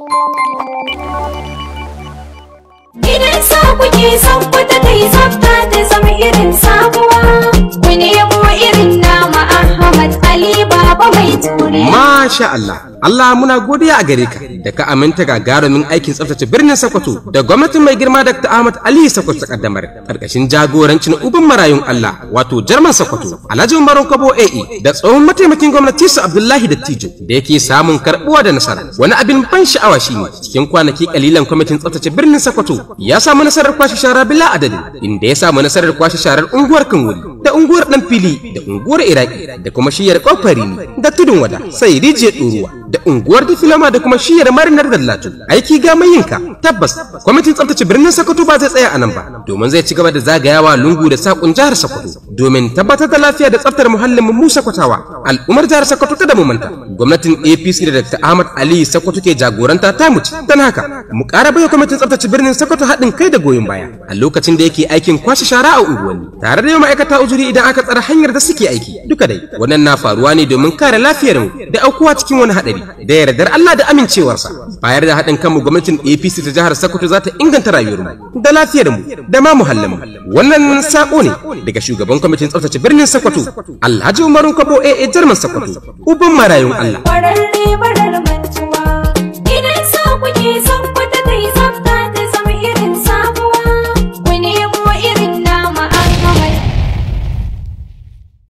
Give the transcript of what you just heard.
Idan sa kuke son ku ta kai zabta ta zama masha Allah Allah muna godiya a gare ka da ka aminta ga gagarumin aikin tsaftace birnin Sokoto da gwamnatin mai girma Dr. Ahmad Ali Sokoto ta kaddamar karkashin jagorancin uban marayun Allah wato Jarman Sokoto Alhaji Umar Kabo AE da tsohon mataimakin gwamnati su Abdullahi Dattijo da yake samun karbuwa da nasara wani abin ban sha'awa shine cikin kwanaki kalilan kwamitin tsaftace birnin Sokoto ya samu nasarar kwashe shara bila adadi inda ya samu nasarar kwashe sharar unguwar Kanwuri da unguwar dan fili da unguwar iraki da kuma shiyar kofari da tudun wada sai rijiyar ɗoruwa da unguwar Difilama da kuma shiyar Marinar Dallatu. Aiki ga mai yinka. Tabbas, kwamitin tsaftace birnin Sokoto ba zai tsaya a nan ba, domin zai ci gaba da zagayawa lungu da sakun jihar Sokoto domin tabbatar da lafiya da tsaftar muhallin mu Kwatawa, Al'ummar jihar Sokoto kada mu manta. Gwamnatin APC da Dr. Ahmad Ali Sokoto ke jagoranta ta mutu. Dan haka, mu ƙara baiwa kwamitin tsaftace birnin Sokoto haɗin kai da goyon baya a lokacin da yake aikin kwashe shara a unguwanni. Tare da ma'aikata uzuri idan aka tsara hanyar da suke aiki. Duka dai, wannan na faruwa ne domin kare lafiyar mu da aukuwa cikin wani haɗari. da yardar Allah da amincewarsa bayar da haɗin kanmu gwamnatin APC ta jihar Sokoto za ta inganta rayuwarmu da lafiyarmu da ma muhallinmu wannan sako ne daga shugaban kwamitin tsaftace birnin Sokoto Alhaji Umaru Kabo AA Jarman Sokoto uban marayun Allah